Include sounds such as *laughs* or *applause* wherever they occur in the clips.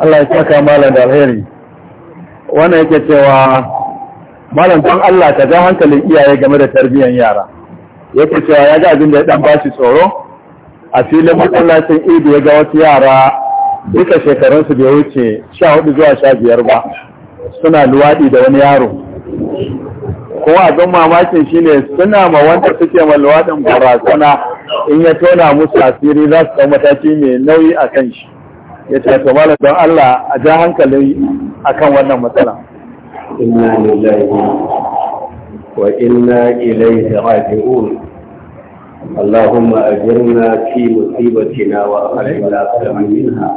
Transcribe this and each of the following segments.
Allah ya saka malam da alheri wannan yake cewa malam don Allah ka ja hankalin iyaye game da tarbiyyar yara yake cewa ya ga abin da ya dan bashi tsoro a filin masallacin idi ya ga wasu yara duka shekarunsu bai wuce sha hudu zuwa sha biyar ba suna luwaɗi da wani yaro kuma abin mamakin shine suna ma wanda suke ma luwaɗin barazana in ya tona musu asiri za su mataki mai nauyi a kan shi ya ce to malam don Allah a ja hankali akan wannan matsala inna lillahi wa inna ilaihi raji'un اللهم fi في مصيبتنا وأخرجنا min منها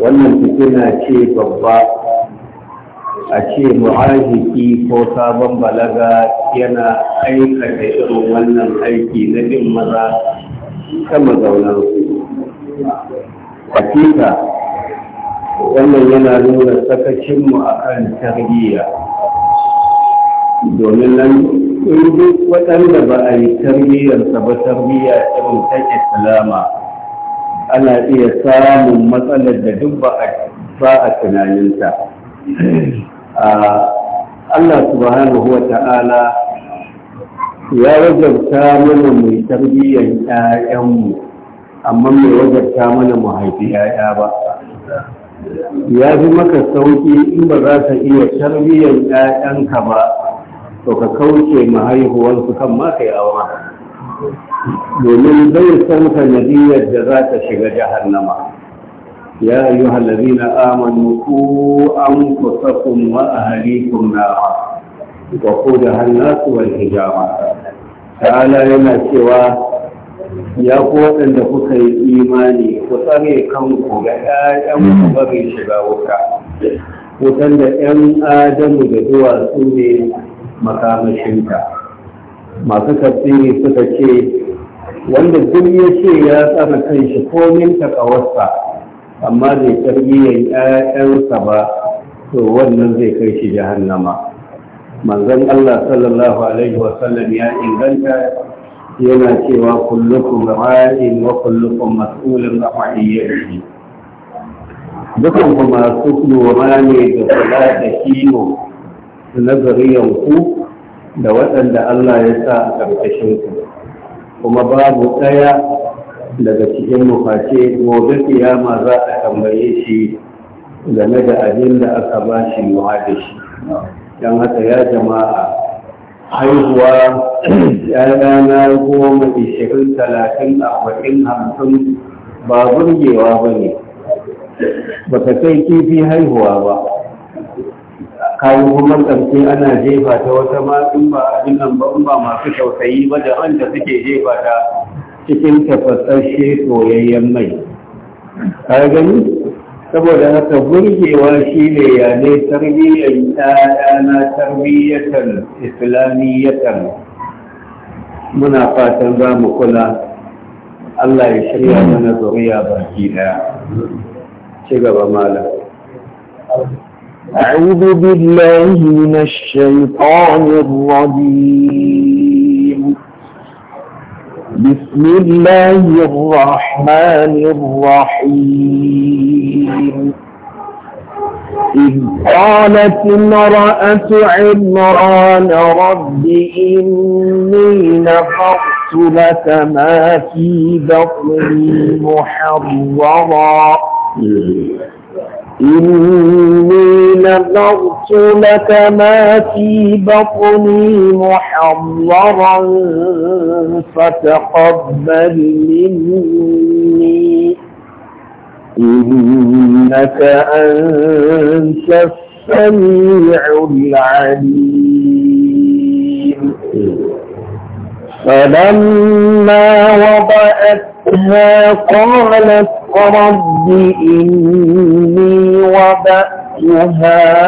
wannan fitina ce babba a ce mu'ajiki ko sabon balaga yana aikata irin wannan aiki na jin maza ta mazaunan su hakika wannan yana nuna sakacinmu a kan tarbiyya domin nan in duk waɗanda ba a yi tarbiyyarsa ba tarbiyya irin ta islama ana iya samun matsalar da duk ba a tunaninta Allah subhanahu wa ta'ala ya rajabta mana mai tarbiyyar 'ya'yanmu amma bai wajarta mana mu haifi ‘ya'ya ba ya fi maka sauki in ba za ka iya tarbiyyar ‘ya'yanka ba to ka kauce ma haihuwarsu kan ma kai awa domin zai san sanadiyar da za ta shiga jahannama يا أيها الذين آمنوا قوا أنفسكم وأهليكم نارا وقودها الناس والحجارة Ta'ala yana cewa. ya ku waɗanda kuka yi imani ku tsare kanku ga 'ya'yan ku shiga wuta wutan da 'yan adamu da duwatsu ne makamashinta masu tafsiri suka ce wanda duk ya ce ya tsara kanshi komin takawarsa amma bai tarbiyyar 'ya'yansa ba to wannan zai kai shi jahannama manzon Allah sallallahu alaihi wasallam ya inganta yana cewa kullukum ra'in wa kullukum mas'ulun an ra'iyyatihi dukan ku masu lura ne da kula da kiwo nazariyan ku da waɗanda Allah ya sa a ƙarƙashin ku kuma babu ɗaya daga cikin face gobe kiyama za a tambaye shi game da abin da aka ba shi shi, don haka ya jama'a haihuwa ‘ya'yana goma ishirin talatin arba'in hamsin ba burgewa ba ne ba ka kai kifi haihuwa ba kayan kuma ƙarfi ana jefa ta wata matsin ba abin nan ba ba masu tausayi ba da wanda suke jefa ta cikin tafasasshe soyayyen mai ka gani saboda haka burgewa shi ne ya ne tarbiyyar na tarbiyyatar islamiyyatar muna fatan za mu kula Allah ya shirya mana zuriya baki ɗaya ci gaba malam أعوذ بالله من الشيطان الرجيم بسم الله الرحمن الرحيم إذ قالت امرأة عمران رب إني نفقت لك ما في بطني محررا إني نذرت لك ما في بطني محضرا فتقبل مني إنك أنت السميع العليم فلما وضعت وجدتها قالت رب إني وبأتها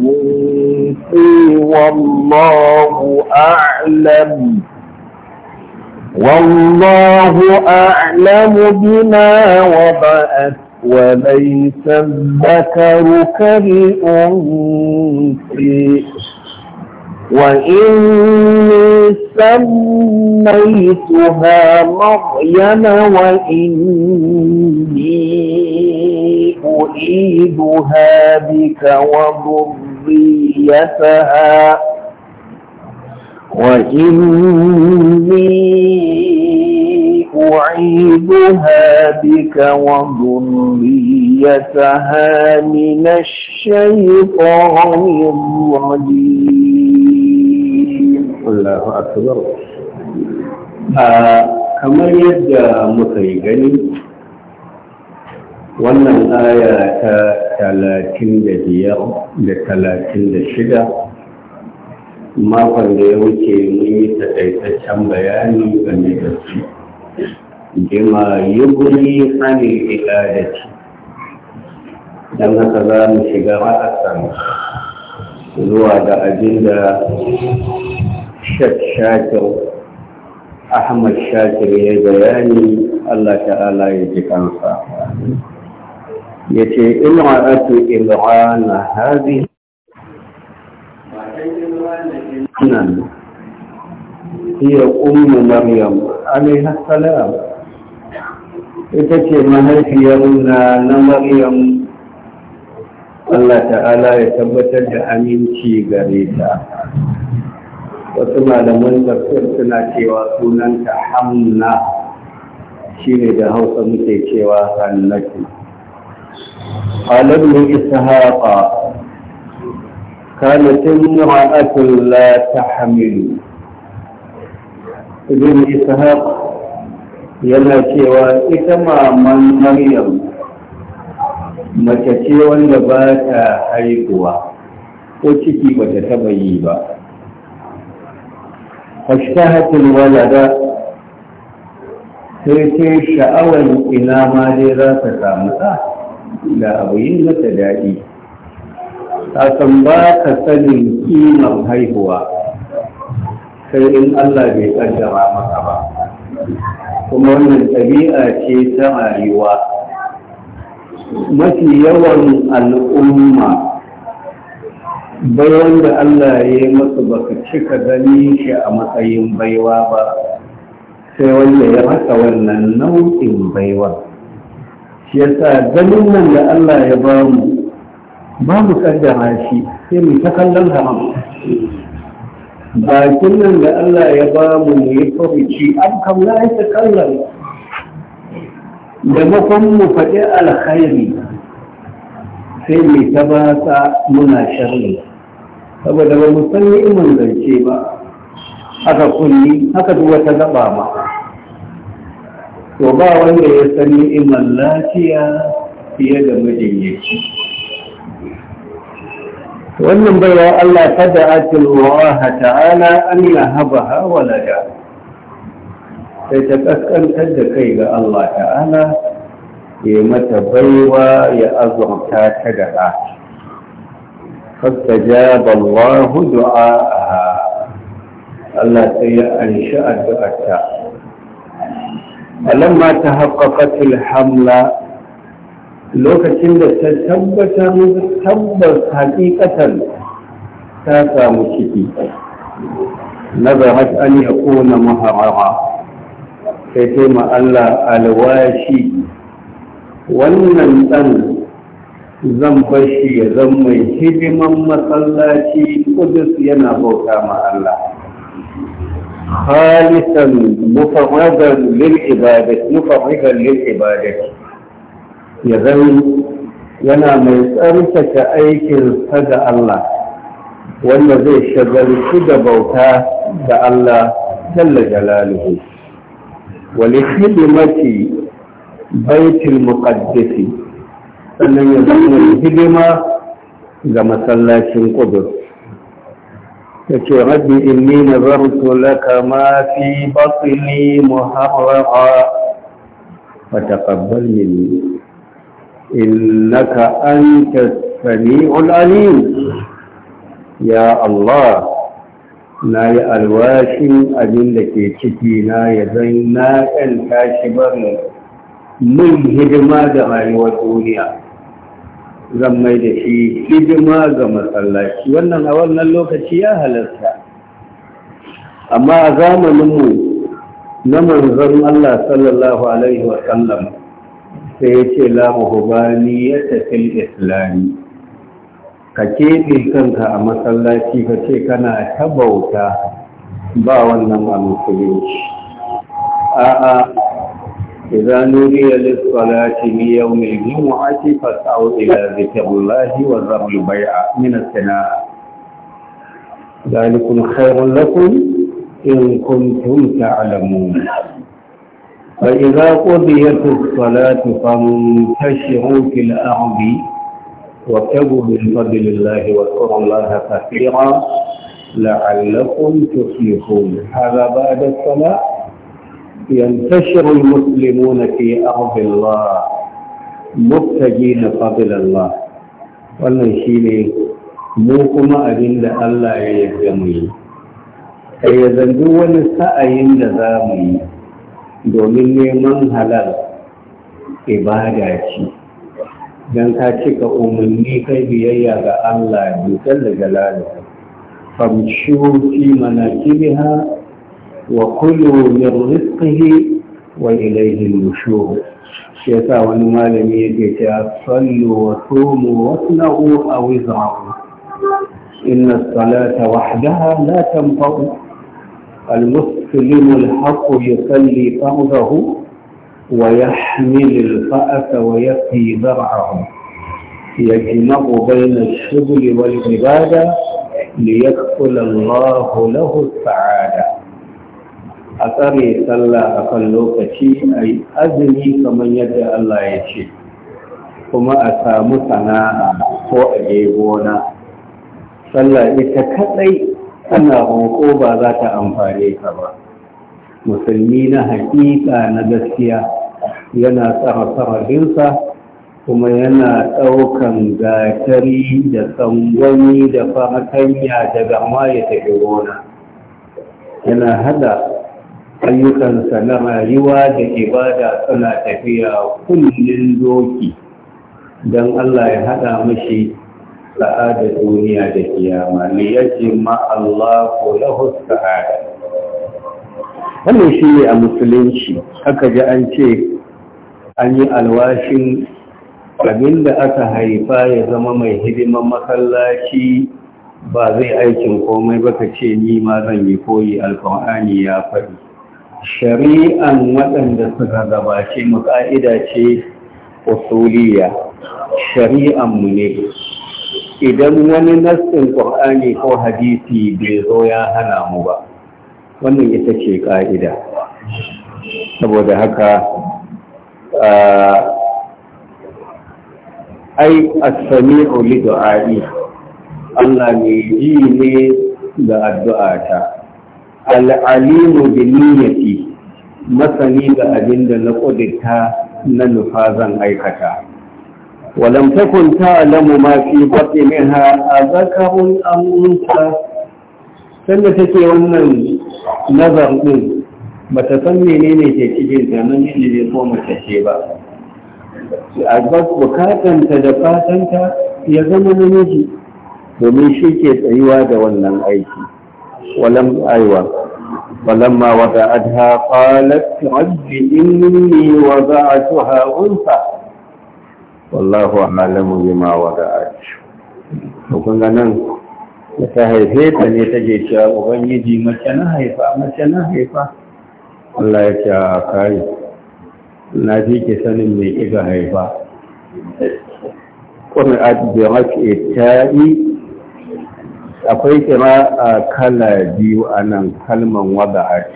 أنثي والله أعلم والله أعلم بما وبأت وليس الذكر كالأنثي وإني سميتها مريم وإني أعيدها بك وذريتها وإني أعيدها بك وذريتها من الشيطان الرجيم Allahu akbar kamar yadda muka yi gani wannan aya ta talatin da biyar da talatin da shida makon da ya wuce mun yi taƙaitaccen bayani game da su Jima yi guri hannun ikadaci don haka za mu shiga ma'asan zuwa da abin da shek shakir ahmad shakir ya bayani allah ta'ala ya ji kansa ya ce ake imra'atu imrana hazi nan hiya ummu maryam alaiha salam ita ce mahaifiyar na na maryam Allah ta'ala ya tabbatar da aminci gare ta wasu malaman tafsir suna cewa sunanta hamna shine da hausa muke cewa hannatu qalabnu ishaqa kanat imra'atun la tahmilu ibn ishaq yana cewa ita maman maryam mace ce wanda ba ta haihuwa ko ciki ba ta taba yi ba fashtahat alwalada sai sai sha'awar ina ma dai za ta samu ɗa da abu yi mata daɗi kasan ba ka sanin kimar haihuwa sai in Allah bai kaddara maka ba kuma wannan ɗabi'a ce ta rayuwa mafi yawan al'umma baiwan da Allah ya yi masa baka cika gani shi a matsayin baiwa ba sai wanda ya rasa wannan nau'in baiwa shi yasa ganin nan da Allah ya ba mu ba mu kaddara shi sai mu ta kallon haram bakin nan da Allah ya ba mu mu yi furuci an kam la ya kallon da makon mu faɗi alkhairi sai mai ta ba muna sharri saboda ba mu san ni'imar zance ba haka kulli haka duk wata gaba ba to ba wanda ya san iman lafiya fiye da majinyaci wannan baiwa Allah ta da'atul wa ta'ala an yahabaha walada sai ta kaskantar da kai ga Allah ta'ala ya mata baiwa ya azurta ta da فاستجاب الله دعاءها الله سيأنشأ دعتها فلما تحققت الحملة lokacin da ta tabbatar tabbas hakikatan ta samu ciki nazarat an ya kona maharara sai sai Allah alwashi wannan ɗan zan bar shi ya zan mai hidiman masallaci kudus yana bauta ma Allah halisan mufarradan lil ibadati mufarradan lil ya zan yana mai tsarkake aikin sa ga Allah wanda zai shagaltu da bauta da Allah jalla jalaluhu wa li khidmati baitil muqaddasi sannan ya zama hidima ga masallacin kudur Ta ce rabbi inni nazartu laka ma fi batni muharrara fa taqabbal minni innaka anta sami'ul alim ya allah na yi alwashin abin da ke ciki na ya zan na ƙanta tashi, barin mun hidima da rayuwar duniya zan mai da shi hidima ga masallaci wannan a wannan lokaci ya halarta amma a zamaninmu na manzon Allah sallallahu alaihi wa sai ya ce la ni ya tafi islami ka keɓe kanka a masallaci ka ce kana ta bauta ba wannan a musulunci a'a إذا نودي للصلاة في يوم الجمعة فاسعوا إلى ذكر الله وذروا البيع من الثناء ذلكم خير لكم إن كنتم تعلمون فإذا قضيت الصلاة فانتشروا في الأرض وابتغوا من فضل الله واذكروا الله كثيرا لعلكم تفلحون هذا بعد الصلاة ينتشر المسلمون في أرض الله مبتجين فضل الله wannan shi ne mu kuma abin da Allah ya yarda mu yi kai ya zanzu wani sa'ayin da za mu yi domin neman halal ibada ce don ka cika umarni kai biyayya ga Allah dukkan da jalaluhu famshu fi manakibiha wa kullu min خلقه وإليه النشور شيسا ونمالم يجيك صلوا وصوموا واصنعوا أو ازرعوا إن الصلاة وحدها لا تنفع المسلم الحق يصلي فرضه ويحمل الفأس ويقي ذرعه يجمع بين الشغل والعبادة ليدخل الله له السعادة a tsare sallah a kan lokaci a yi azumi kamar yadda Allah ya ce kuma a samu sana'a ko a yi gona sallah ita kadai tana roƙo ba za ta amfane ka ba musulmi na haƙiƙa na gaskiya yana tsara sarabinsa kuma yana ɗaukan gatari da tsangwani da fartanya daga ma ya tafi gona yana hada ayyukansa na rayuwa da ibada suna tafiya kullum doki don Allah ya haɗa mashi sa'adar duniya da kiyama ne ya ce ko lahus sa'ada wannan shi ne a musulunci aka ji an ce an yi alwashin abinda aka haifa ya zama mai hidiman masallaci ba zai aikin komai ba ka ce ni ma zan yi koyi alfa'ani ya faɗi shari'an waɗanda suka gabace mu ka'ida ce usuliya shari'an mu ne idan wani nassin ƙur'ani ko hadisi bai zo ya hana mu ba wannan ita ce ka'ida saboda haka ai as-sami'u li du'a'i Allah ne ji ne da addu'ata al'alimu da niyyati masani ga abin da na ƙudurta na nufa zan aikata walam takun ta'lamu ma fi batniha azakarun am unsa sanda take wannan nazar ɗin ba ta san menene ke cikin ta nan ko mace ce ba azab bukatanta da fatanta ya zama namiji domin shi ke tsayuwa da wannan aiki ولم أيوة فلما وضعتها قالت رب إني وضعتها أنثى والله أعلم بما وضعت وكنا ننسى da ta haife ta ne ta ke cewa ubangiji mace na haifa mace na haifa Allah ya ce a na fi ke sanin mai iga haifa kuma a biyu ta yi akwai a kala biyu a nan kalman wada'at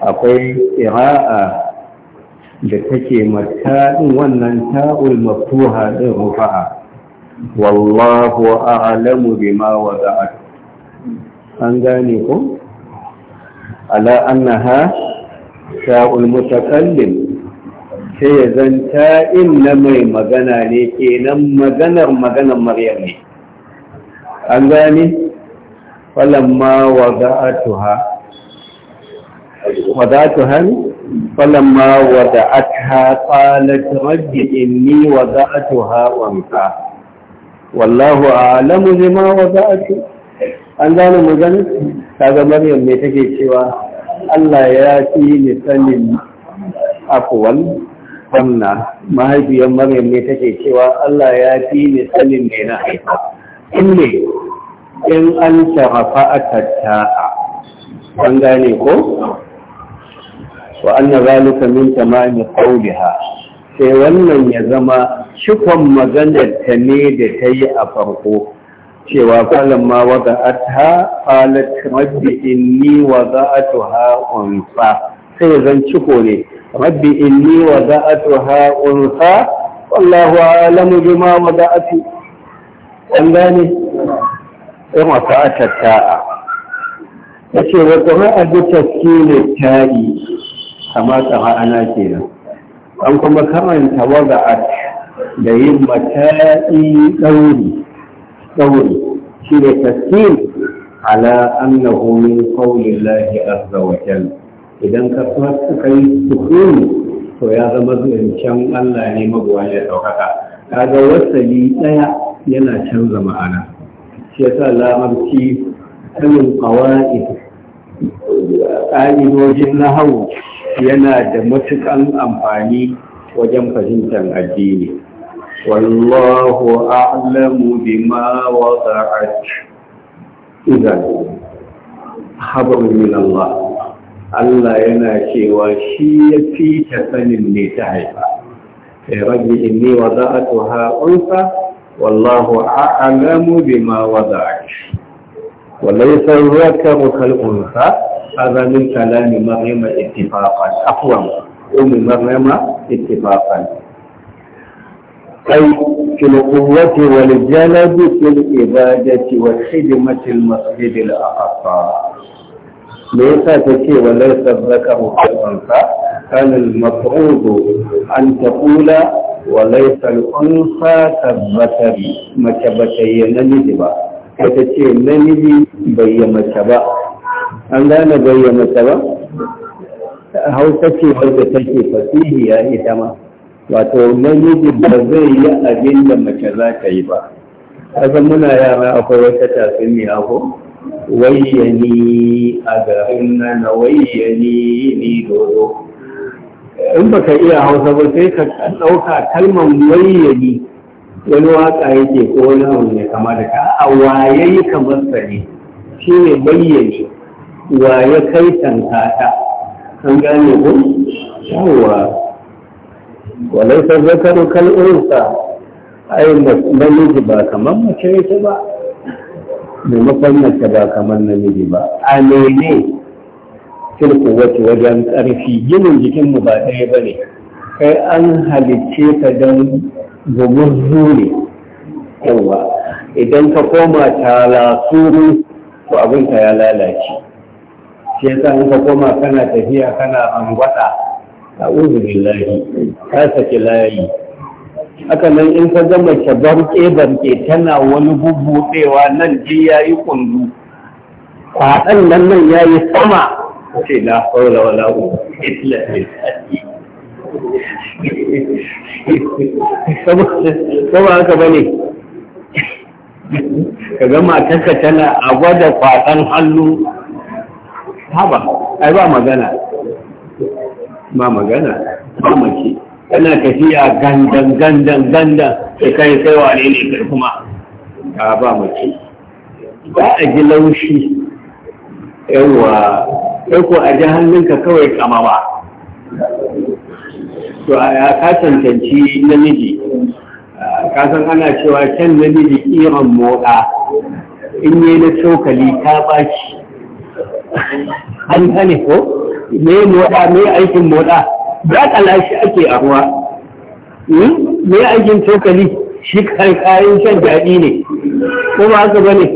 akwai a da take mata'in wannan ta'ul maftuha ɗin rufa'a wallahu a'lamu bima wada'at an gane ko ala annaha ta'ul mutakallim sai ya zan ta'in na mai magana ne kenan maganar maganar maryam ne an gane falamma wada'atuha wada'atuha falamma wada'atha qalat rabbi inni wada'atuha unsa wallahu a'lamu bima wada'atu an gane magana kaga maryam me take cewa Allah ya fi ni sanin afwan wannan mahaifiyar maryam ne take cewa Allah ya fi ni sanin me na haifa in ne in an sharafa a ta'a an gane ko wa anna zalika min tamami qawliha sai wannan ya zama cikon maganar ta ne da ta yi a farko cewa falon ma waga ta falat rabbi inni ha unsa sai zan ciko ne rabbi inni ha unsa wallahu a'lamu bima wada'atu an gane ya masu a tatta'a ya ce wa kuma a bi taskini tari kama tsawa ana kenan an kuma karanta waga a da yin mata'i ɗauri ɗauri shi da taskin ala annahu min qawli llahi azza wa idan ka suka yi sukuni to ya zama can. Allah ne magwaya ka ga wasali ɗaya. yana canza ma'ana shi yasa lamarci sanin kawai ƙa'idojin nahawu yana da matuƙan amfani wajen fahimtar addini wallahu a'lamu bima waqa'at idan habar min Allah Allah yana cewa shi ya fi ta sanin ne ta haifa sai rabbi inni wada'atuha unsa والله أعلم بما وضع وليس خلق كالأنثى هذا من كلام مريم اتفاقا أقوى أم مريم اتفاقا أي في القوة والجلد في الإبادة والخدمة المسجد الأقصى me yasa ta ce wa laisa zaka hukunsa kan al-maf'ud an taqula wa laisa al-unsa tabbatari mace ba ta yi namiji ba ta ce namiji bai yi mace ba an gane bai yi mace ba hausa ce wadda take fasihiya ita ma wato namiji ba zai yi abin da mace za ta yi ba kasan muna yara akwai wata tatsuniya ko wayyani a garin nan wayyani ni dodo in baka iya hausa ba sai ka ɗauka kalmar wayyani wani waka yake ko wani abu ne kama da ka a waye kamar sa ne shi ne bayyani waye kai tankata an gane ku yawwa walai sa zakaru kal unsa ai namiji ba kamar mace yake ba maimakon mace ba kamar namiji ba a mene kirku wata wajen ƙarfi ginin jikinmu ba ɗaya ba ne kai an halicce ka don gumurzu zuri yawa idan ka koma talasuru to abinka ya lalace shi yasa in ka koma kana tafiya kana angwada a uzurin layi ka saki layi haka nan in ka ga mace barke barke tana wani bubbuɗewa nan ji ya yi kundu kwaɗan nan nan ya yi sama ce na haula wala illa billahi saboda *laughs* haka bane ka ga matarka tana a gwada kwaɗan hannu haba ai ba magana ba magana ba mace kana tafiya gandan gandan gandan da kai kai wane ne kai kuma ka ba mace ba a ji laushi yawa kai ko a ji hannunka kawai kamama to a ka cancanci namiji ka san ana cewa can namiji iran moda in yi na cokali ta baci an gane ko me motsa me aikin moda dakala shi ake a ruwa hmm? me aikin cokali shi kan kayan shan daɗi ne ko ba haka ba ne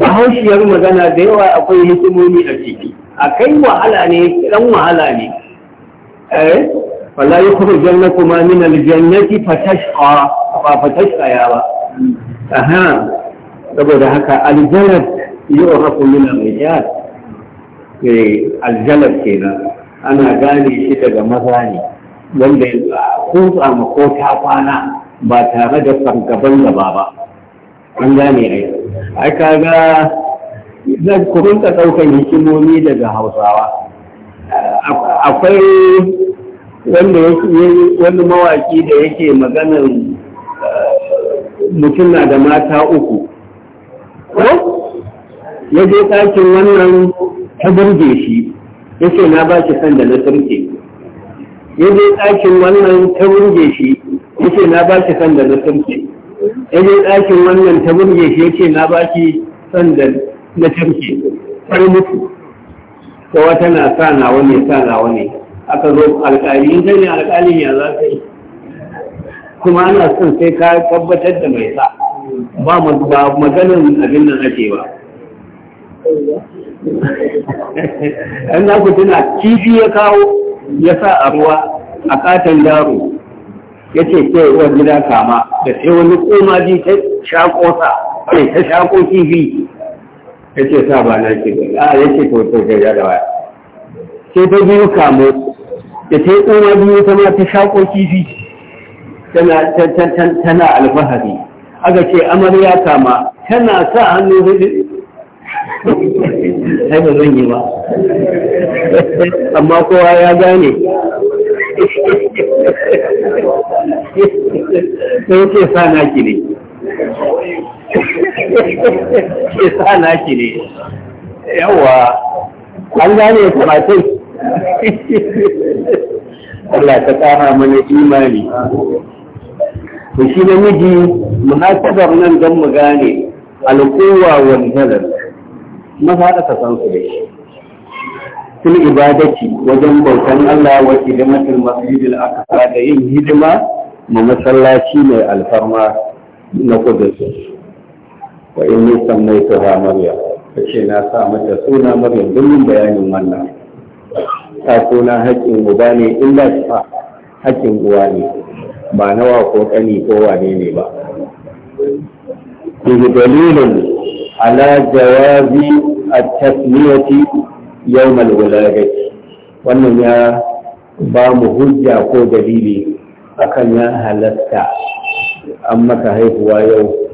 bahaushiyar magana da yawa akwai hikimomi a ciki a kai wahala ne ɗan wahala ne eh wala yukhrijan kuma min al fatashqa ba fatashqa ya ba aha saboda haka al-jannat yu'rafu min al-rijal eh al kenan ana gane shi daga maza ne wanda ya kusa ma ko ta kwana ba tare da fargaban gaba ba an gane ai ai ga zan ku ka ɗaukan hikimomi daga hausawa akwai wanda wani mawaki da yake maganar eh, mutum na da mata uku Ko. ya je ɗakin wannan ta burge shi yake na ba ki sanda da na sarki ya je ɗakin wannan ta burge shi yake na ba ki sanda da na sarki ya je ɗakin wannan ta burge shi yake na ba ki sanda da na sarki har mutu kowa tana sa na wani sa na wani aka zo alƙali in ne alƙalin ya za ka yi kuma ana son sai ka tabbatar da mai sa ba maganin abin nan ake ba an za ku tuna kifi ya kawo ya sa a ruwa a katon daro ya ce ke ruwan gida kama da sai wani koma ji ta shaƙo sa kai ta shaƙo kifi ya ce sa ba na ce a ya ce to to ya da waya sai ta biyu kamo da ta yi koma ji ta ma ta shaƙo kifi tana alfahari aga ce amarya kama tana sa hannu sai ba zan yi ba amma kowa ya gane sai ce sa naki ne ce sa naki ne yawa an gane karatun Allah ta kara mana imani to shi namiji muhasabar nan don mu gane alkowa wani zalar Na da ka san su da shi wajen bautan Allah wa hidimatul masjidil aqsa da yin hidima ma masallaci mai alfarma na kudus wa inni sammaituha maryam ce na sa mata suna maryam domin bayanin wannan ta suna haƙƙin uba ne illa ta haƙƙin uwa ne ba nawa ko ƙani ko wane ne ba dalilin على جواز التسمية يوم الولادة wannan ya ba mu hujja ko dalili akan ya halatta an maka haihuwa yau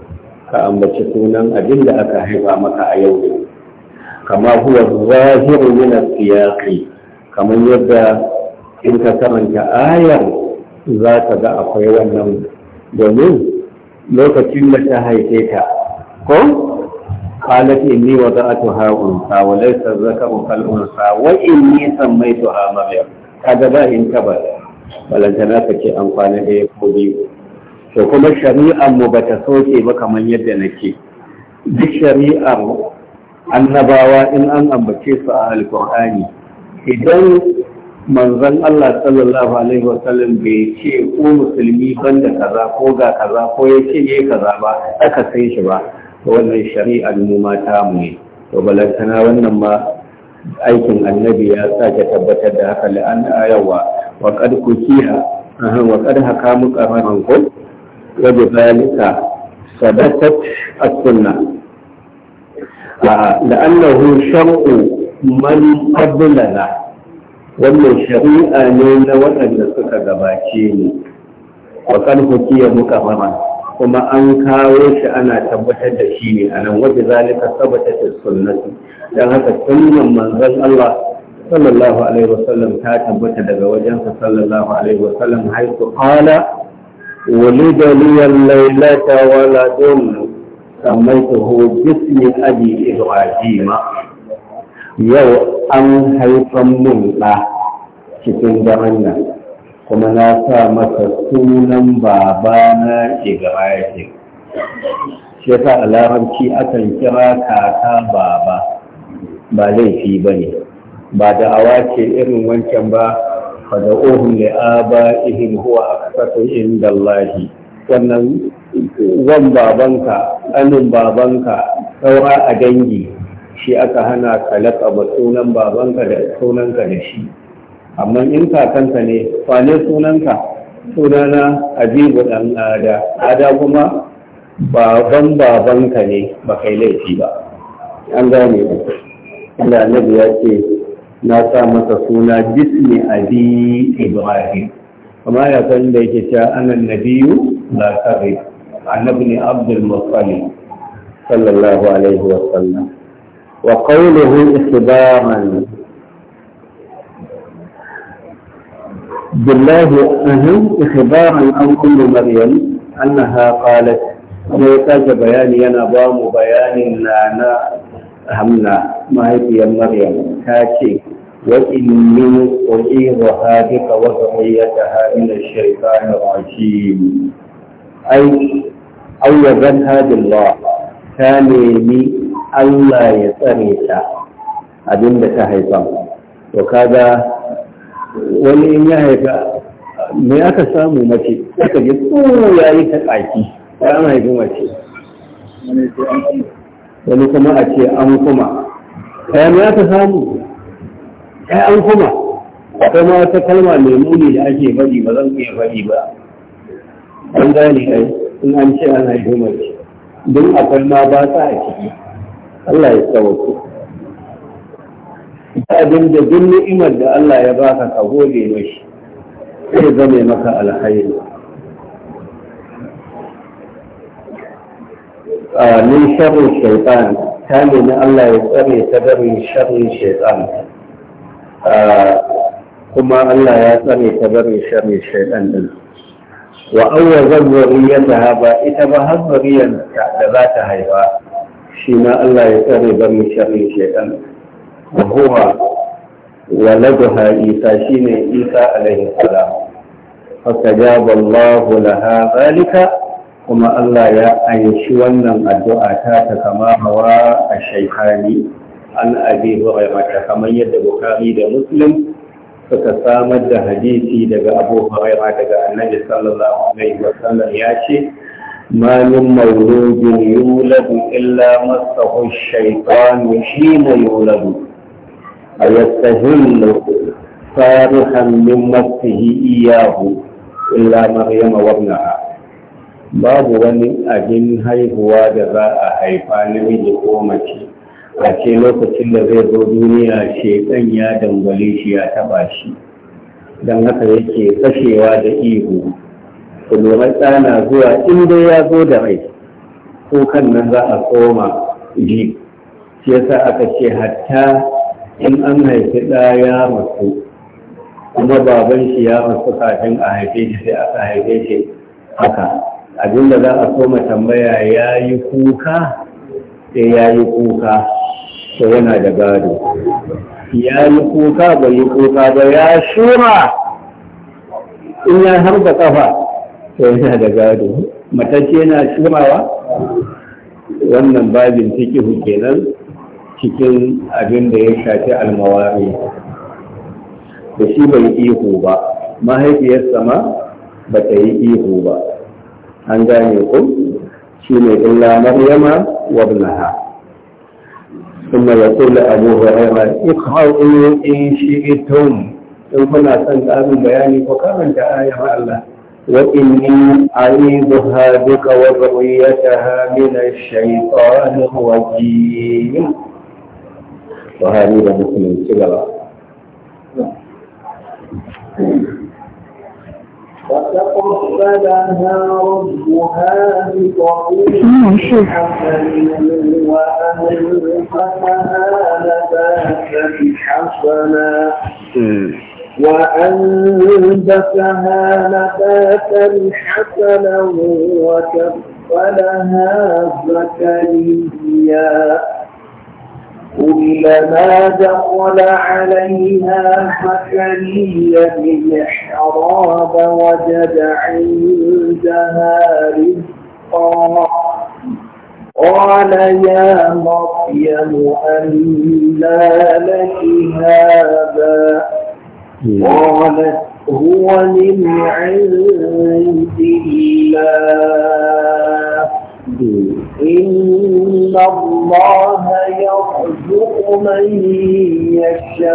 ka ambaci sunan abin da aka haifa maka a yau ne kama huwa zahiru min as kamar yadda in ka karanta ayar za ka ga akwai wannan domin lokacin da ta haife ta, ko قالت إني وضعتها أنثى وليس الذكر كالأنثى وإني سميتها مريم هذا باهن كبر ولن تنافك أن قال لي كودي وكما الشريعة مبتسوتي وكمن يدنك duk shari'ar annabawa in an ambace su a alkur'ani idan manzon Allah sallallahu alaihi wasallam bai ce ko musulmi banda kaza ko ga kaza ko ya ce yayi kaza ba aka san shi ba wannan shari'ar mu mata mu ne to balantana wannan ma aikin annabi ya sake tabbatar da haka la'an ayawa wa qad kukiya wa qad haka mu qaranan ko wajen zalika sadatat as-sunna la'annahu shar'u man qablana wannan shari'a ne na waɗanda suka gabace ni wa qad kukiya muqarraran kuma an kawo shi ana tabbatar da shi ne a nan wadda zalika sabata ta sunnatu don haka sunnan manzon Allah sallallahu alaihi wasallam ta tabbata daga wajensa sallallahu alaihi wasallam haiku qala ولد لي الليلة ولد سميته باسم أبي Yau an أن هيفم من cikin daren nan kuma na sa masa sunan babana ibrahim shi yasa a larabci akan kira kaka baba ba laifi ba ne ba da awa ce irin wancan ba fada ohun da aba ihin huwa a inda Allahi wannan zan babanka anin babanka saura a dangi shi aka hana ka ba sunan babanka da sunanka da shi amma in kakanka ne ne sunanka sunana ajibu dan ada ada kuma baban babanka ne ba kai laifi ba an gane ku inda annabi ya ce na sa masa suna jismi abi ibrahim kuma ya san da yake cewa anan nabiyu la sabi annabi ne abdul muttalib sallallahu alaihi wa sallam wa qawluhu istibaran بالله أهم إخبارا عن أم مريم أنها قالت ويكاد بياني أنا بام بيان لنا أهمنا ما هي مريم تاتي وإني أعيذها بك وذريتها من الشيطان الرجيم أي أوذتها بالله كانني ألا يسريتا أبن بك هيفا وكذا wani in ya haifa me aka samu mace aka ji tsoro ya yi ta ƙaki ya an haifi mace wani kuma a ce an kuma ya me aka samu ya an kuma akwai ma wata kalma mai muni da ake faɗi ba zan iya faɗi ba an gane kai. in an ce an haifi mace don akwai ma ba ta a ciki Allah ya tsawo abin da duk ni'imar da Allah ya baka ka gode mashi sai zame maka alhairi a min sharrin shaitan ta nemi Allah ya tsare ta barin sharrin shaitan kuma Allah ya tsare ta barin sharrin shaitan din wa awwa zawriyataha ba ita ba har zuriyar da za ta haifa shi ma Allah ya tsare barin sharrin shaitan wa huwa ولدها عيسى شين عيسى عليه السلام فاستجاب الله لها ذلك كما الله يا أنشي ونن الدعاء كما هو الشيخاني عن أبي هريرة كما يد البخاري ده مسلم فتسامد ده حديثي ده أبو هريرة ده النبي صلى الله عليه وسلم ياشي ما من مولود يولد إلا مسه الشيطان حين يولد فيستهل صالحا من نفسه إياه إلا مريم وابنها babu wani abin haihuwa da za a haifa namiji ko mace a ce lokacin da zai zo duniya shekan ya dangwale shi ya taba shi don haka yake kashewa da ihu ku lura tsana zuwa inda ya zo da rai ko kan nan za a koma ji shi yasa aka ce hatta in an haifi ɗa ya masu kuma baban shi ya masu kafin a haife shi sai aka haife shi haka abinda za a koma tambaya ya yi kuka sai eh, ya yi kuka to yana da gado ya yi kuka bai yi kuka ba ya shura in ya harba kafa to yana da gado matacce yana shurawa wannan babin fikihu kenan cikin abin da ya shafi almawari da shi bai ihu ba mahaifiyarsa ma ba ta yi ihu ba an gane ku shi ne illa maryama wa ibnaha ثم يقول أبو هريرة اقرأوا إن شئتم إن كنا سنتعلم بياني وكمن آية الله وإني أعيذها بك وذريتها من الشيطان الرجيم وهذه لمسلم سجرة فتقبلها ربها بقبول آه، حسن وأنفتها نباتا حسنا وأنبتها نباتا حسنا وكفلها زكريا كلما دخل عليها زكريا المحراب وجد عندها رزقا قال يا مريم لا لك هذا قالت هو من عند الله إن الله يرزق من يشاء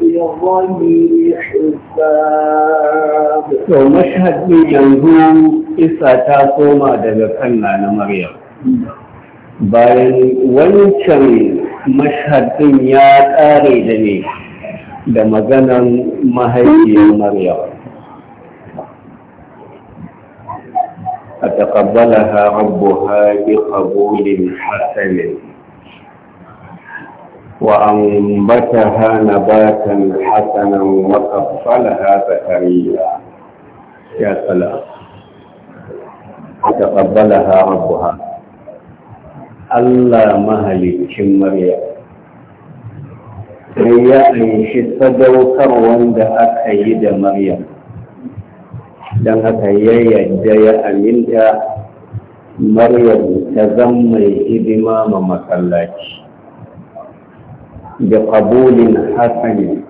بغير حساب ومشهد من ينزوم إسا تاسوما دقنا لمريم bayan wancan mashhadin ya ƙare da ne da maganan mahaifiyar Maryam. فتقبلها ربها بقبول حسن وأنبتها نباتا حسنا وقفلها زكريا يا سلام فتقبلها ربها الله مهلك مريم sai ya anshi sadaukar wanda مريم don haka ya yadda ya aminta maryam ta zan mai hidima ma masallaci da kabulin hasani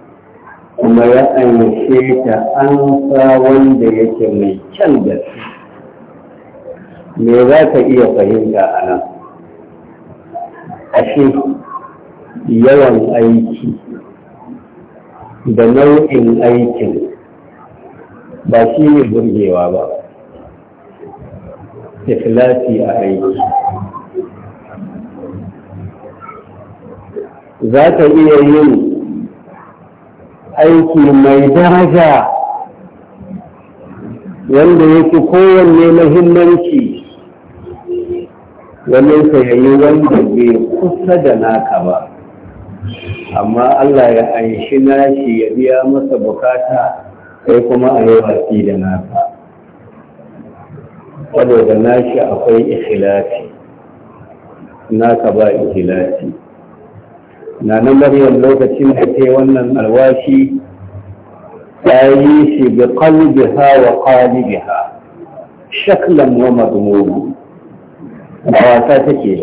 kuma ya anshe ta an wanda yake mai kyan da me za ka iya fahimta a nan ashe yawan aiki da nau'in aikin ba shi ne burgewa ba ikhlasi a aiki za ka iya yin aiki mai daraja wanda yake kowanne mahimmanci wannan sayayi wanda bai kusa da naka ba amma Allah ya aishi nashi ya biya masa bukata kai kuma a yi watsi da naka saboda nashi akwai ikhilafi naka ba ikhilafi na nan maryam lokacin da ta wannan alwashi ta yi shi bi qalbiha wa qalibiha shaklan wa madmuma ba wasa take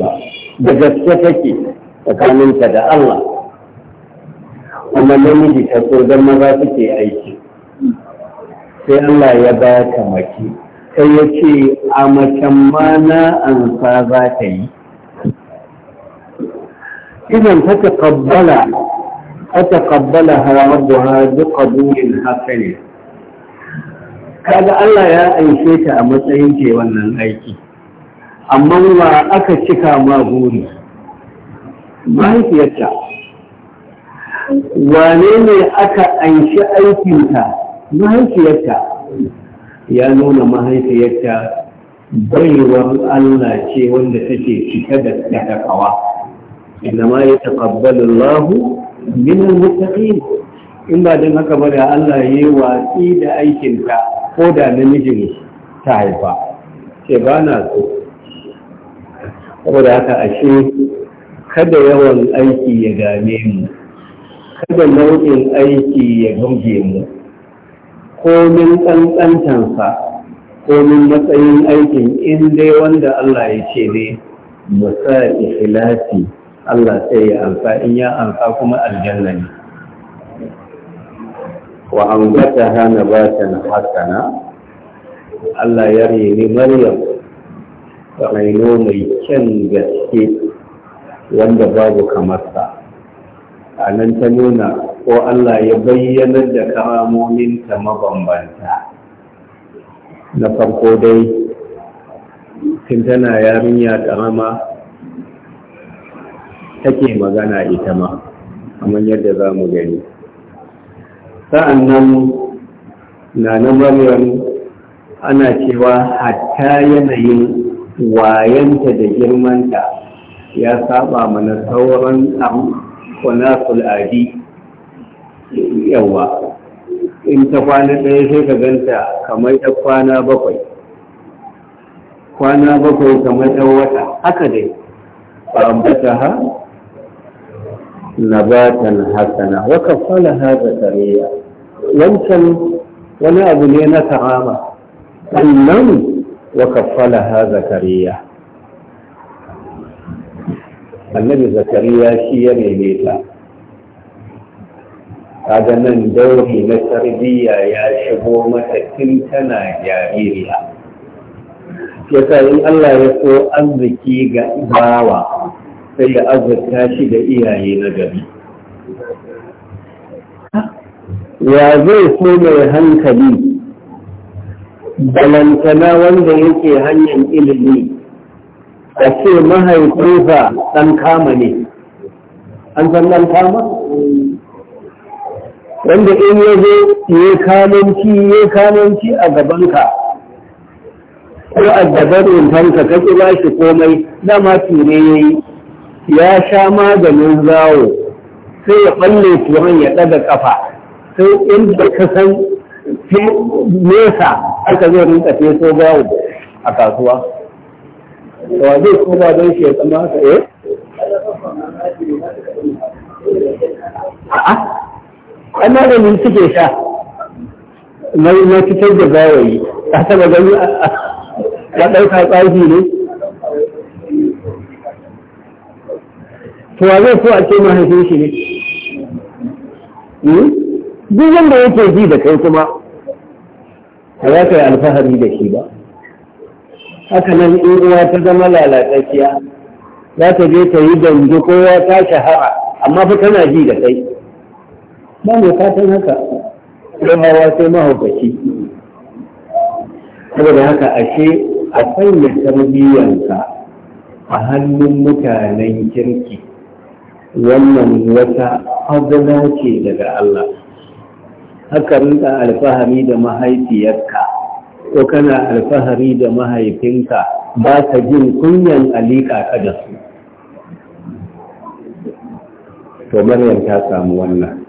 ba da gaske take tsakaninta da Allah kuma namiji ta so don maza suke aiki sai Allah ya ba ta mace sai ya ce a macen ma na ansa za ta yi idan ta taƙabbala ta taqabbala duka bi haka ne. kaga Allah ya aishe ta a matsayin ke wannan aiki amma wa aka cika ma buri mahaifiyarta wane ne aka anshi aikinta mahaifiyarta ya nuna mahaifiyarta baiwar Allah ce wanda take cika da takawa innama ya taqabbalu Allah min al-muttaqin in ba dan haka ba da Allah yi watsi da aikinta ko da namijin ta haifa ce ba na so saboda haka ashe kada yawan aiki ya game mu kada nau'in aiki ya gauge mu komin ƙanƙantansa komin matsayin aikin in dai wanda Allah ya ce ne musa ikhlasi Allah sai ya amsa in ya amsa kuma aljanna ne wa ambataha nabatan hasana Allah ya reni Maryam raino mai kyan gaske wanda babu kamarsa a nan ta nuna ko Allah ya bayyanar da ta mabambanta na farko dai tun tana yarinya karama take magana ita ma kamar yadda za mu gani sa'annan na na maryam ana cewa hatta yanayin wayanta da girmanta ya saba mana sauran kwanasul adi yawa in ta kwana ɗaya sai ka ganta kamar ta kwana bakwai kwana bakwai kamar ta wata haka dai bata ha nabatan waka wa kafala hada tariya wancan wani abu ne na karama sannan wa kafala hada tariya annabi zakariya shi ya neme ta kaga nan dauri na tarbiyya ya shigo mata tun tana jaririya sa in Allah ya so arziki ga bawa sai ya azurta shi da iyaye na gari ya zai so mai hankali balantana wanda yake hanyar ilimi a ce mahaifinsa ɗan kama ne an san ɗan kama? wanda in ya zo ya kamanci ya kamanci a gabanka ko a gabanin tanka ka ƙi ba shi komai dama ture ya yi ya sha maganin zawo sai ya ɓalle turan ya ɗaga ƙafa sai inda ka san nesa aka zo rinka feso zawo a kasuwa To wa zai koma don shi ya zama haka eh a'a an maganin suke sha na na fitar da gawayi ka taba gani ya ɗauka tsafi ne to wa zai so a ce mahaifin shi ne hmm? duk wanda yake ji da kai kuma ba za ka yi alfahari da shi ba haka nan in uwa ta zama lalatacciya za ta je ta yi dandu kowa ta shahara amma fa tana ji da kai ba mai fatan haka don hawa sai mahaukaci saboda haka ashe a sanya ka a hannun mutanen kirki wannan wata hazana ce daga Allah haka rinka alfahari da mahaifiyarka ko kana alfahari da mahaifinka ba ka jin kunyan alika ka da su to maryam ta samu wannan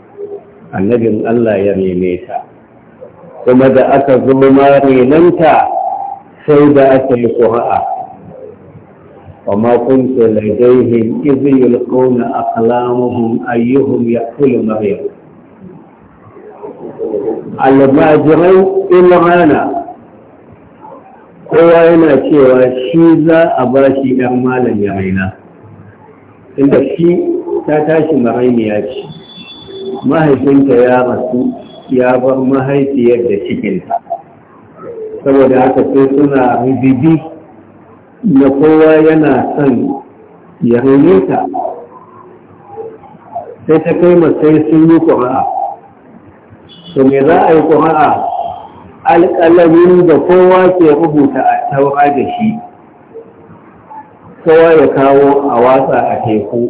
annabin Allah ya neme ta kuma da aka zo ma renanta sai da aka yi ƙura'a وما كنت لديهم إذ يلقون أقلامهم أيهم يأكل مريم المهاجرين إلا غانا kowa yana cewa shi za a ba shi ɗan malam ya raina inda shi ta tashi marainiya ce mahaifinta ya rasu ya bar mahaifiyar da cikinta saboda haka sai suna rubibi da kowa yana son ya raine ta sai ta kai sai sun yi ƙura'a to me za a yi ƙura'a alƙalamin da kowa ke rubuta a taura da shi kowa ya kawo a watsa a teku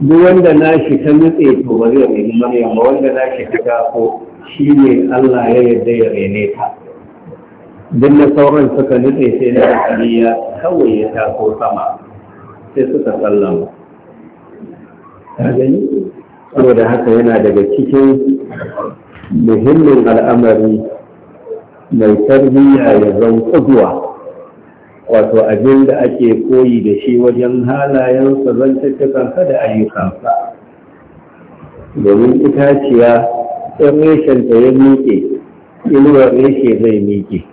duk wanda na shi ta nutse to ba zai maryam ba wanda na shi ta gafo shi ne allah ya yarda ya rene ta duk na sauran suka nutse sai na alƙaliya kawai ya taso sama sai suka sallama ta gani saboda haka yana daga cikin muhimmin al'amari mai tarbiyya ya zauka zuwa wato abin da ake koyi da shi wajen halayensa zantattukansa da ayyukansa domin itaciya ɗan reshenta ya miƙe inuwar reshe zai miƙe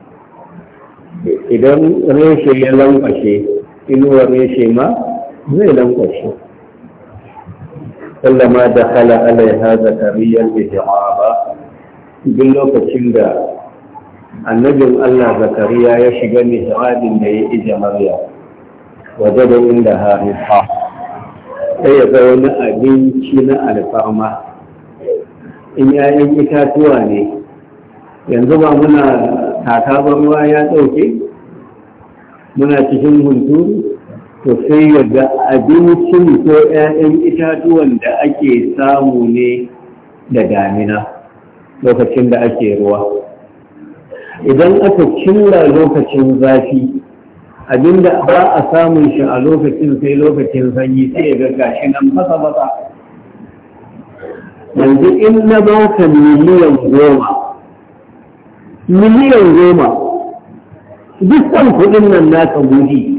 idan reshe ya lankwashe inuwar reshe ma zai lankwashe kullama da kala alaiha zakariyar ba, duk lokacin da annabin Allah zakariya ya shiga mihrabin da ya ije Maryam waje da inda harifa sai ya ga wani abinci na alfarma in yayin itatuwa ne yanzu ba muna kaka ba ruwa ya ɗauke muna cikin hunturu to sai yadda abincin ko 'ya'yan itatuwan da ake samu ne da damina lokacin da ake ruwa idan aka cimma lokacin zafi abinda ba a samun shi a lokacin sai lokacin sanyi sai ga gashi nan masa yanzu in na baka miliyan goma miliyan goma dukkan kuɗin nan naka guji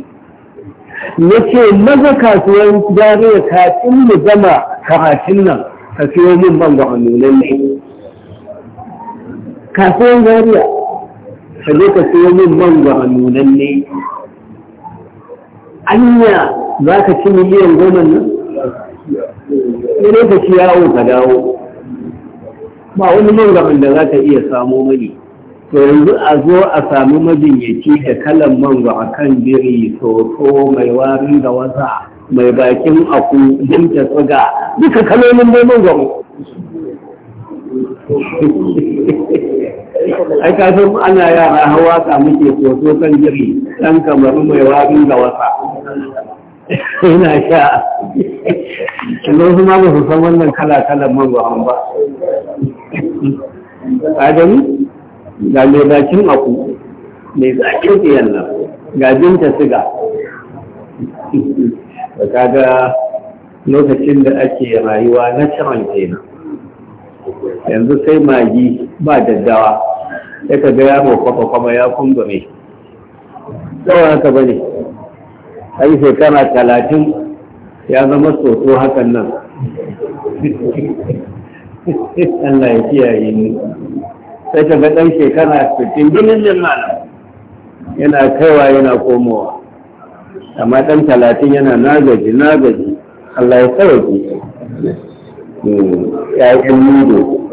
Na ce maza kasuwan jariya kafin mu gama karatun nan ka siyo min ban ga hannunan ne kasuwan jariya ka zo ka siyo min man nunanne anya za ka ci miliyan goma nan ne ka ci yawo ka dawo ba wani man da za ka iya samo mani to yanzu a zo a sami majinyaci da kalan man a kan biri soso mai wari da wasa mai bakin aku ta tsaga, duka kalolin mai man *laughs* ai ka san ana yara hawa ka muke so san jiri dan kamar mai wabi ga wasa ina sha kuma su ma ba su san wannan kala kalan man ba ba ka gani ga mai bakin aku mai zakin tsiyan nan ga binta siga kaga lokacin da ake rayuwa na ciron kenan yanzu sai magi ba daddawa ya ka ga kwakwa kwama ya kungame tsawon haka ba ne a yi shekara talatin ya zama soso hakan nan *laughs* Allah ya kiyaye ni sai ka ga ɗan shekara fitin ginin limana yana kaiwa yana komowa amma ɗan talatin yana nagaji nagaji Allah ya tsawaki yayin nudo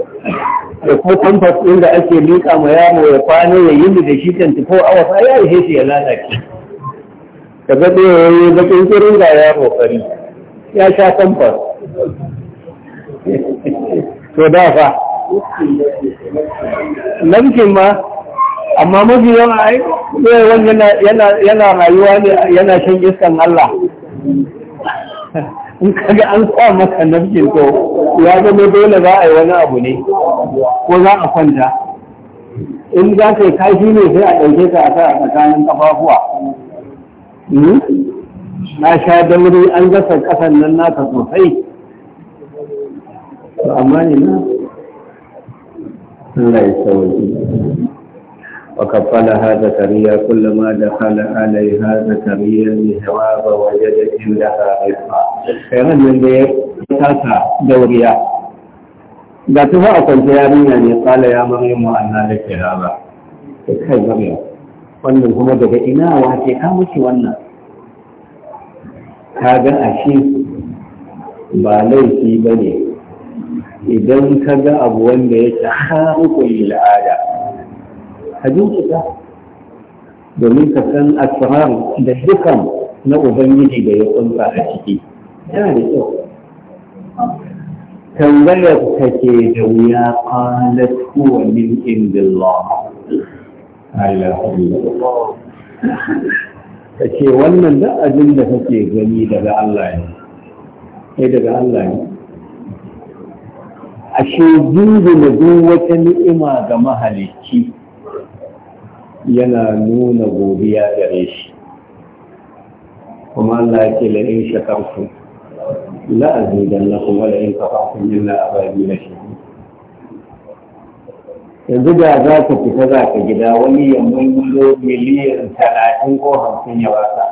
da ko kamfas ɗin da ake liƙa ma yamo ya kwano ya yi da shi 24 a wasa ya yi shi ya lalace ka ga ɗaya bakin kirin ga yaro fari ya sha kamfas to da fa lamkin ma amma mafi yawa ai wani yana rayuwa ne yana shan iskan Allah in kaga an sa maka nafkin to ya zama dole za a yi wani abu ne ko za a kwanta in za ka yi kashi ne sai a ɗauke ka a sa tsakanin ƙafafuwa. Hmm? na sha dauri an gasa ƙasan nan naka sosai to amma ne na Allah ya وكفلها زكريا كلما دخل عليها زكريا المهراب وجد عندها رزقا خيرا من ذلك تاسع دوريا da ta ba a kwance yarinya ne kala ya maryam wa anna laki hada ta kai maryam wannan kuma daga ina wace ka miki wannan ka ga ashe ba laifi ba ne idan ka ga abu wanda yake harukun al'ada ka bincika domin ka san asrar da dukan na ubangiji da ya kunsa a ciki yana da kyau tambayar ta ke da wuya qalat huwa min indillah ta ce wannan da abin da kake gani daga Allah ne sai eh, daga Allah ne ashe jinjina duk wata ni'ima ga mahalicci yana nuna godiya gare shi kuma Allah ya ce la in shakartum la lakum wa la in kafartum illa abadi la yanzu da za ka fita za ka gida wani ya mulmulo miliyan talatin ko hamsin ya ka.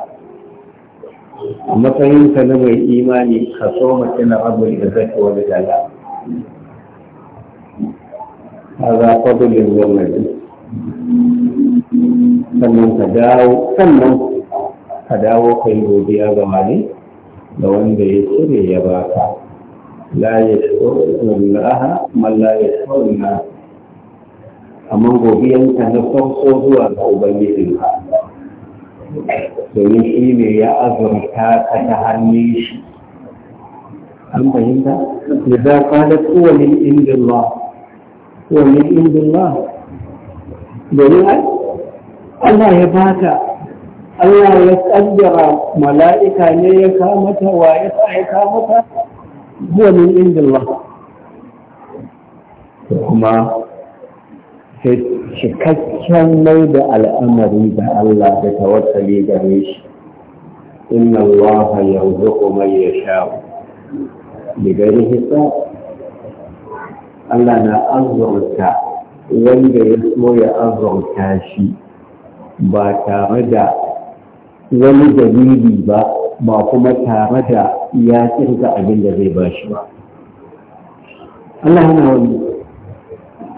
a matsayinka na mai imani ka so mace na abin da zai wani dala هذا فضل من الله sannan ka dawo sannan ka dawo ka yi godiya ga mali da wanda ya cire ya baka la ya shurullaha ma la ya shurunna amma godiyanka na farko zuwa ga ubangiji domin shi ne ya azurta ka ta hannun shi an fahimta da za ka da kowane indin ba? kowane indin Allah domin Allah ya bata Allah ya kaddara mala'ika ne ya kamata wa ya sa ya kamata zuwa min indillah kuma cikakken mai da al'amari da Allah da tawassali gare shi inna Allah yarzuqu kuma ya sha ghairi hisab Allah na azurta wanda ya so ya azurta shi ba tare da wani dalili ba ba kuma tare da ya kirga abin da zai bashi ba Allah yana wani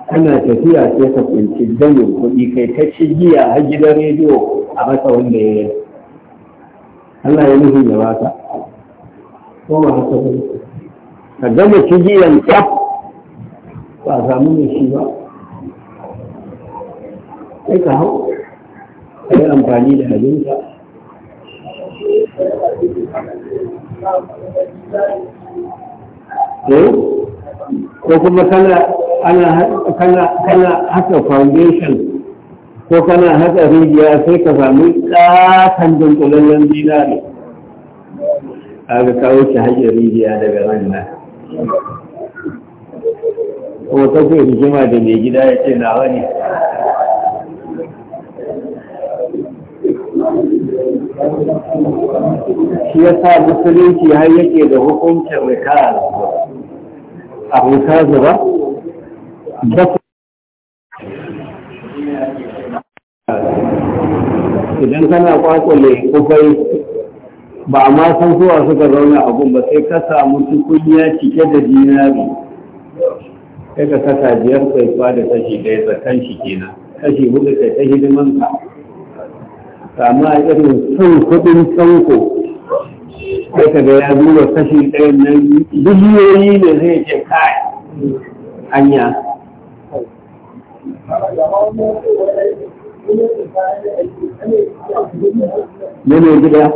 ana tafiya sai ka kunci zanin kuɗi kai ta ci giya a gidan rediyo a masa wanda ya yi Allah ya nufi ya baka ko ba haka ba ka gama ci giyan ka ba samu mai shi ba sai ka hau kai amfani da halinka eh? ko kuma kana haka foundation ko kana haka rijiya sai ka sami tsakan dunkulallen dinari aga kawo ki haƙe rijiya daga wannan ko ta kuwa hikima da mai gida ya ce nawa ne shi ya sa musulunci har yake da hukuncin rika a ta zuba idan kana kwakwale kufai ba ma san zuwa suka zauna abun ba sai ka samu tukunya cike da dinari kai ka kasa biyar kwaifa da kashi ɗaya tsakan shi kenan kashi hudu kai ta hidimanka amma irin son kuɗin sanko sai ka ga ya zuwa kashi ɗayan nan biliyoyi ne zai ce kai hanya Nene gida? *laughs*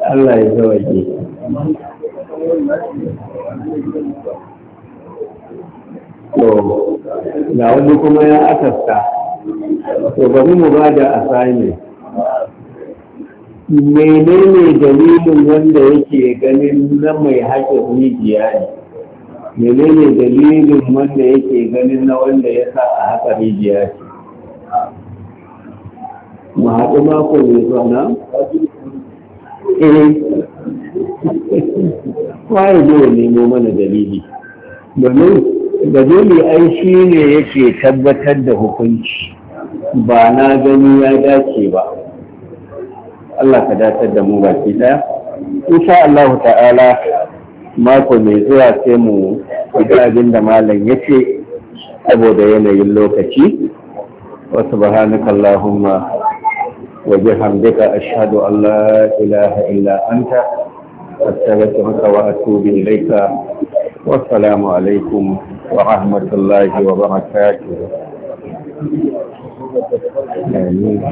Allah ya waje. to ga wani kuma ya asasta to bari mu ba da assignment menene dalilin wanda yake ganin na mai haƙin rijiya ne menene dalilin wanda yake ganin na wanda ya sa a haka rijiya ce mu haɗu mako mai zuwa eh kwaye *laughs* ne nemo mana dalili domin dole ai shi ne yake tabbatar da hukunci ba na gani ya dace ba Allah ka datar da mu baki daya insha Allah ta'ala mako mai zuwa sai mu ga da malam yace saboda yanayin lokaci wa subhanaka allahumma wa bihamdika ashhadu an la ilaha illa anta astaghfiruka wa atubu ilayka والسلام عليكم ورحمة الله وبركاته آمين